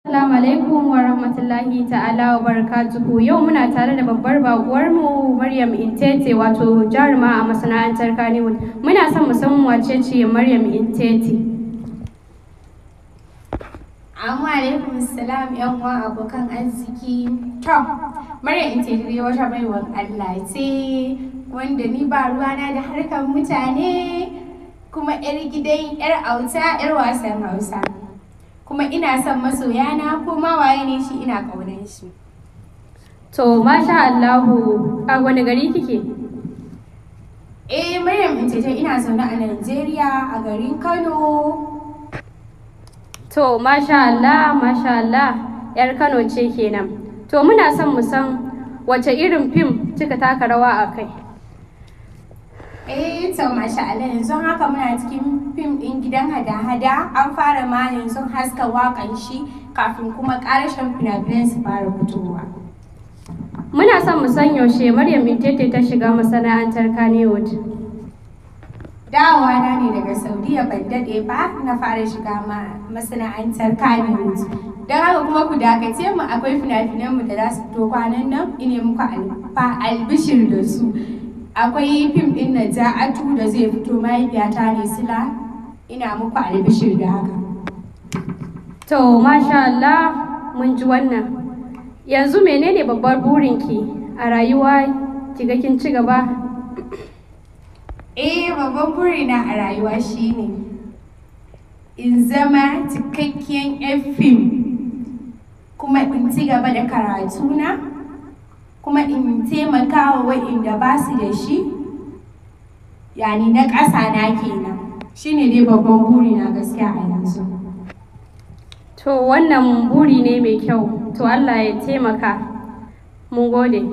Assalamu alaikum wa rahmatullahi ta'ala wa barakatuhu yau muna tare da babbar baguwar mu Maryam Intete wato jaruma a masana'antar Kannywood muna son mu san wace ce Maryam Intete Assalamu alaikum salam yan uwa abokan arziki to Maryam Intete dai wata baiwar Allah ce wanda ni ba ruwana da harkar mutane kuma yar gidan yar auta yar wasan Hausa kuma ina son masoyana ko ma waye ne shi ina ƙaunar shi to masha Allahu a wani gari kike eh Maryam Intaje ina zaune a Najeriya a garin Kano to masha Allah masha Allah yar Kano ce kenan to muna son mu san wace irin fim kika taka rawa a kai Eh, to masha Allah yanzu haka muna cikin fim ɗin gidan hada-hada an fara ma yanzu haska waƙan shi kafin kuma ƙarashin fina su fara fitowa. Muna son mu san yaushe Maryam Tete ta shiga masana'antar Kannywood. dawowa na ne daga saudiya ban daɗe ba na fara shiga masana'antar kanewood don haka kuma ku dakace mu akwai finafinan mu da za su fito kwanan nan ine muku albishir da su akwai fim ɗin na ja'atu da zai fito mahaifiyata ne sila ina muku albishir da haka to masha Allah mun ji wannan yanzu menene babbar burinki a rayuwa kiga kin ci gaba eh babban burina a rayuwa shine in zama cikakken fim kuma in ci gaba da karatuna kuma in taimaka wa wa'inda ba su da shi yani na ƙasa na kenan shine dai babban buri na gaskiya a yanzu to wannan buri ne mai kyau to Allah ya taimaka mun gode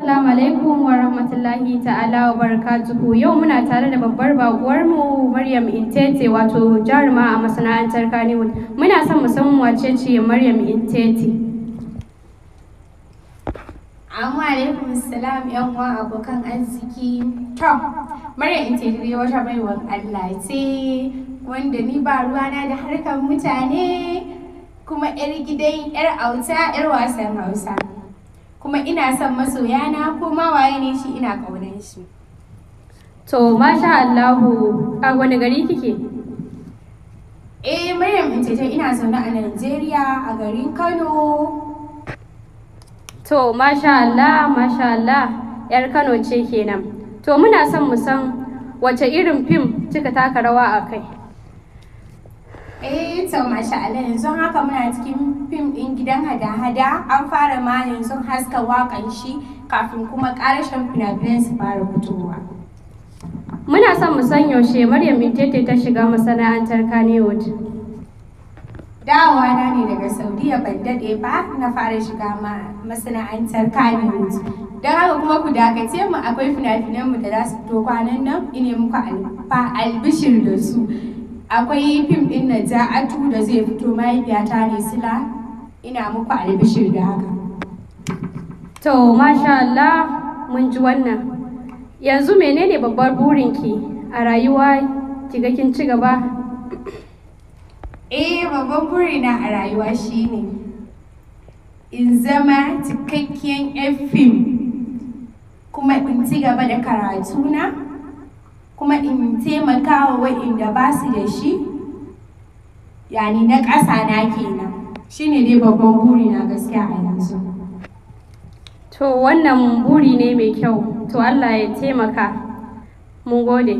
Assalamu alaikum wa rahmatullahi ta'ala wa barakatuhu yau muna tare da babbar baguwar mu Maryam Intete wato jaruma a masana'antar Kannywood muna son mu san wace ce Maryam Intete Assalamu alaikum salam yan uwa abokan arziki to Maryam Intete dai wata baiwar Allah ce wanda ni ba ruwana da harkar mutane kuma yar gidan yar auta yar wasan Hausa kuma ina son masoyana ko ma waye ne shi ina ƙaunar shi to masha Allahu a wani gari kike eh Maryam ce ina zaune a Najeriya a garin Kano to masha Allah masha Allah yar Kano ce kenan to muna son mu san wace irin fim kika taka rawa a kai Eh to masha Allah yanzu haka muna cikin fim din gidan hada-hada an fara ma yanzu haska wakan shi kafin kuma karashin fina su fara fitowa. Muna son mu san yaushe Maryam Intete ta shiga masana'antar Kannywood. Dawa na ne daga Saudiya ban daɗe ba na fara shiga masana'antar Kannywood. Don haka kuma ku dakace mu akwai finafinan mu da za su to kwanan nan ine muku albishir da su. akwai fim ɗin na ja'atu da zai fito mahaifiyata ne sila ina muku albishir da haka to masha Allah mun ji wannan yanzu menene babbar burinki a rayuwa kiga kin ci gaba eh babban burina a rayuwa shine in zama cikakken fim kuma in ci gaba da karatuna kuma in taimakawa wa'inda ba su da shi yani na ƙasa na kenan shine dai babban buri na gaskiya a yanzu to wannan buri ne mai kyau to Allah ya taimaka mun gode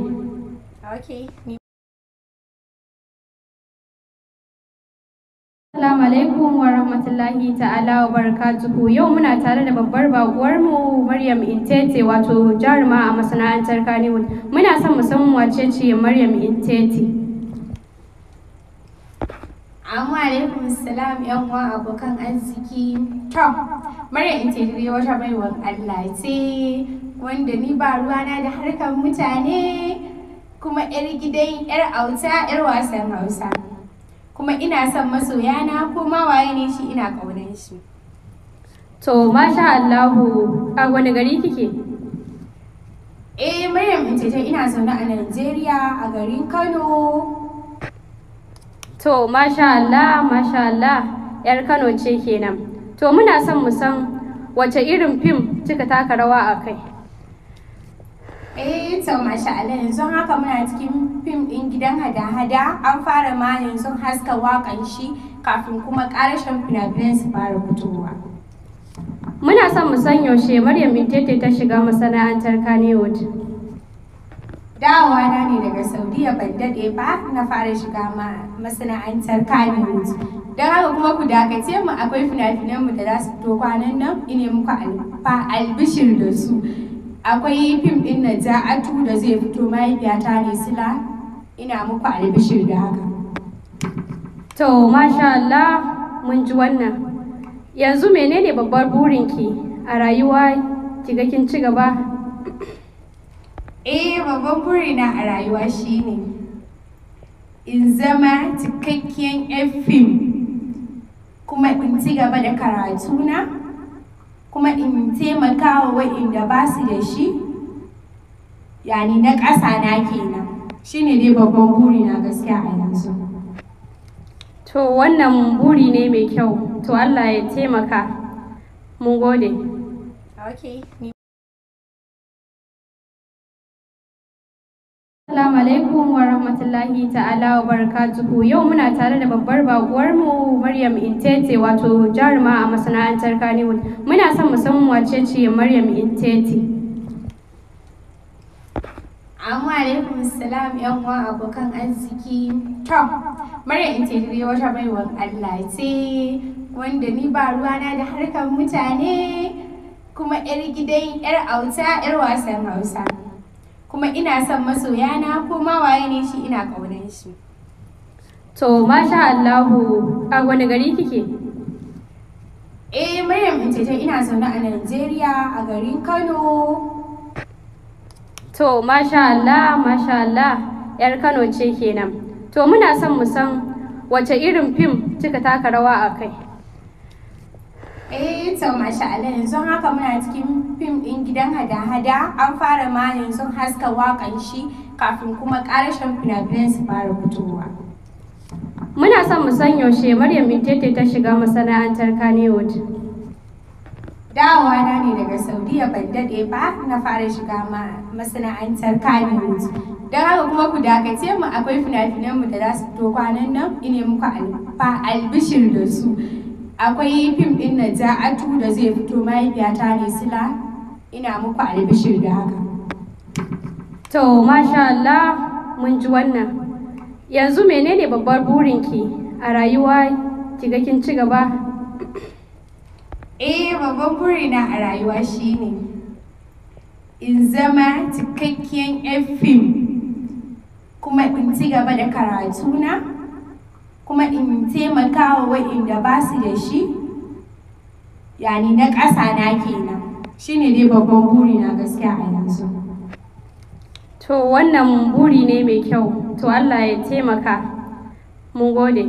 Assalamu alaikum wa rahmatullahi ta'ala wa barakatuhu yau muna tare da babbar baguwar mu Maryam Intete wato jaruma a masana'antar Kanewood. muna son mu san wace ce Maryam Intete Amma alaikum salam yan uwa abokan arziki to Maryam Intete dai wata baiwar Allah ce wanda ni ba ruwana da harkar mutane kuma 'yar gidan 'yar auta 'yar wasan Hausa kuma ina son masoya na ko ma waye ne shi ina ƙaunar shi to masha Allahu a wani gari kike eh Maryam ce ina zaune a Najeriya a garin Kano to masha Allah masha Allah yar Kano ce kenan to muna son mu san wace irin fim kika taka rawa a kai Eh, to masha Allah yanzu haka muna cikin fim ɗin gidan hada-hada an fara ma yanzu haska waƙan shi kafin kuma ƙarashin fina su fara fitowa. Muna son mu san yaushe Maryam Intete ta shiga masana'antar Kannywood. Dawowa na ne daga Saudiya ban daɗe ba na fara shiga masana'antar Kannywood. Don haka kuma ku dakace mu akwai finafinan mu da za su fito kwanan nan ine muku albishir da su. akwai fim ɗin na ja'atu da zai fito mahaifiyata ne sila ina muku albishir da haka to masha Allah mun ji wannan yanzu menene babbar burinki a rayuwa kiga kin ci gaba eh babban burina a rayuwa shine in zama cikakken fim kuma in ci gaba da karatuna kuma in taimakawa waɗanda ba su da shi yani na ƙasa na kenan shine dai babban buri na gaskiya a yanzu to wannan buri ne mai kyau to Allah ya taimaka mun gode Assalamu alaikum wa rahmatullahi ta'ala wa barakatuhu yau muna tare da babbar baguwar mu Maryam Intete wato jaruma a masana'antar Kannywood muna son mu san wace ce Maryam Intete Assalamu alaikum salam yan uwa abokan arziki to Maryam Intete dai wata baiwar Allah ce wanda ni ba ruwana da harkar mutane kuma yar gidan yar auta yar wasan Hausa kuma ina son masoyana ko ma waye ne shi ina ƙaunar shi to masha Allahu a wani gari kike eh Maryam Intaje ina zaune a Najeriya a garin Kano to masha Allah masha Allah yar Kano ce kenan to muna son mu san wace irin fim kika taka rawa a kai Eh to masha Allah yanzu haka muna cikin fim ɗin gidan hada-hada an fara ma yanzu haska wakan shi kafin kuma karashin finafinan su fara fitowa. Muna son mu san yaushe Maryam Tete ta shiga masana'antar Kannywood. Dawowa na ne daga Saudiya ban daɗe ba na fara shiga masana'antar Kannywood. Don haka kuma ku dakace mu akwai finafinan mu da za su to kwanan nan ine muku albishir da su. akwai fim nan za a da zai fito mahaifiyata ne sila ina muku albishir da haka to masha Allah mun ji wannan yanzu menene babbar burinki a rayuwa kiga kin ci gaba eh babban burina a rayuwa shine in zama cikakkiyar fim kuma in ci gaba da karatuna kuma in taimakawa wa'inda ba su da shi yani na ƙasa na kenan shine dai babban buri na gaskiya a yanzu to wannan buri ne mai kyau to Allah ya taimaka mun gode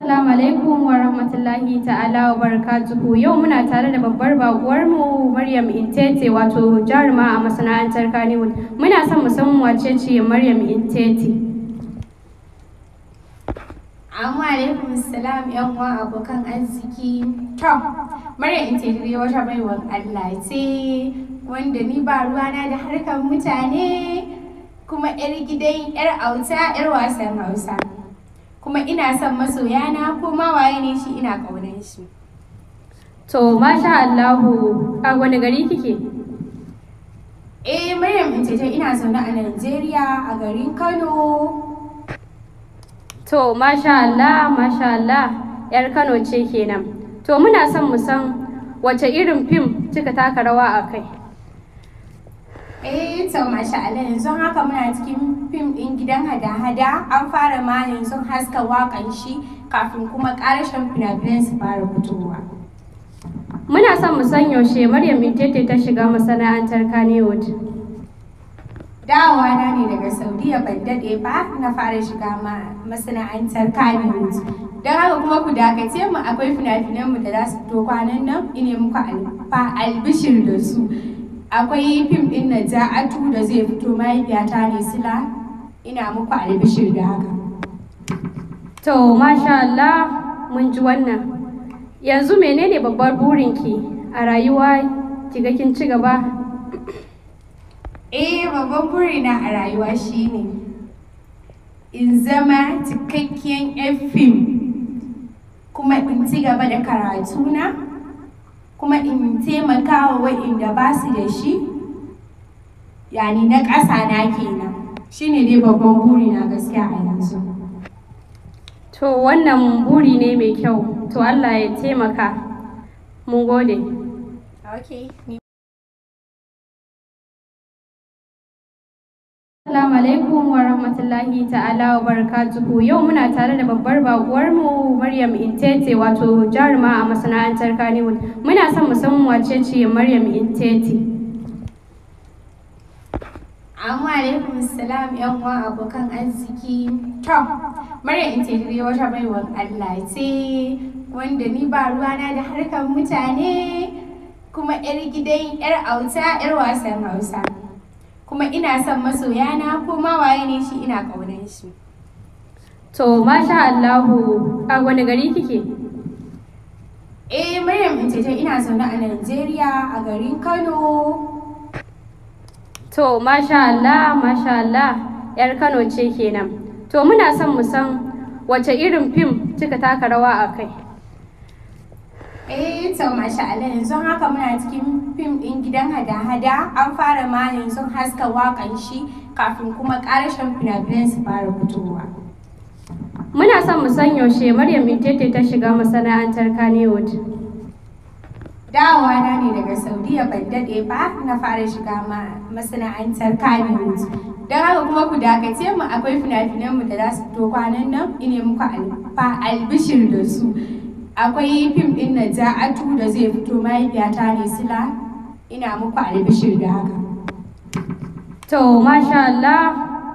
Assalamu alaikum wa rahmatullahi ta'ala wa barakatuhu yau muna tare da babbar baguwar mu Maryam Intete wato jaruma a masana'antar Kannywood muna son mu san wace ce Maryam Intete Assalamu alaikum salam yan uwa abokan arziki to Maryam Intete dai wata baiwar Allah ce wanda ni ba ruwana da harkar mutane kuma yar gidan yar auta yar wasan Hausa kuma ina son masoyana ko ma waye ne shi ina ƙaunar shi to masha Allahu a wani gari kike eh Maryam ce ina zaune a Najeriya a garin Kano to masha Allah masha Allah yar Kano ce kenan to muna son mu san wace irin fim kika taka rawa a kai Eh to masha Allah yanzu haka muna cikin fim din gidan hada-hada an fara ma yanzu haska wakan shi kafin kuma karashin fina-finan su fara fitowa. Muna son mu san yaushe Maryam Intete ta shiga masana'antar Kannywood. Dawowa na ne daga Saudiya ban daɗe ba na fara shiga masana'antar Kannywood. Don haka kuma ku dakace mu akwai finafinanmu da za su to kwanan nan ine muku albishir da su. akwai fim ɗin na ja'atu da zai fito mahaifiyata ne sila ina muku albishir da haka to masha Allah mun ji wannan yanzu menene babbar burinki a rayuwa kiga kin ci gaba eh babban burina a rayuwa shine in zama cikakken fim kuma in ci gaba da karatuna kuma in taimaka wa waɗanda ba su da shi yani na ƙasa na kenan shine dai babban buri na gaskiya a yanzu to wannan buri ne mai kyau to Allah ya taimaka mun gode Assalamu alaikum wa rahmatullahi ta'ala wa barakatuhu yau muna tare da babbar baguwar mu Maryam Intete wato jaruma a masana'antar Kanewood muna son mu san wace ce Maryam Intete Amma alaikum salam yan uwa abokan arziki to Maryam Intete dai wata baiwar Allah ce wanda ni ba ruwana da harkar mutane kuma yar gidan yar auta yar wasan Hausa kuma ina son masoyana ko ma waye ne shi ina ƙaunar shi to masha Allahu a wani gari kike eh Maryam Intaje ina zaune a Najeriya a garin Kano to masha Allah masha Allah yar Kano ce kenan to muna son mu san wace irin fim kika taka rawa a kai Eh to masha Allah yanzu haka muna cikin fim ɗin gidan hada-hada an fara ma yanzu haska wakan shi kafin kuma karashin finafinan su fara fitowa. Muna son mu san yaushe Maryam Intete ta shiga masana'antar Kannywood. Dawowa na ne daga Saudiya ban daɗe ba na fara shiga masana'antar Kannywood. Don haka kuma ku dakace mu akwai finafinan mu da za su to kwanan nan ine muku albishir da su. akwai fim ɗin na ja'atu da zai fito mahaifiyata ne sila ina muku albishir da haka to masha Allah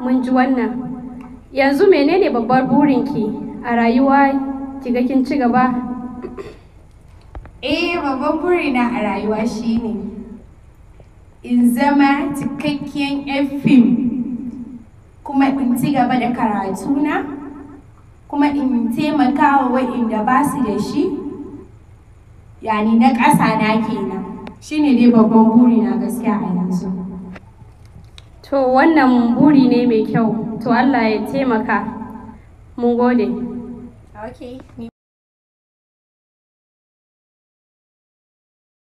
mun ji wannan yanzu menene babbar burinki a rayuwa kiga kin ci gaba eh babban burina a rayuwa shine in zama cikakkiyar fim kuma in ci gaba da karatuna kuma in taimaka wa wa'inda ba su da shi yani na ƙasa na kenan shine dai babban buri na gaskiya a yanzu to wannan buri ne mai kyau to Allah ya taimaka mun gode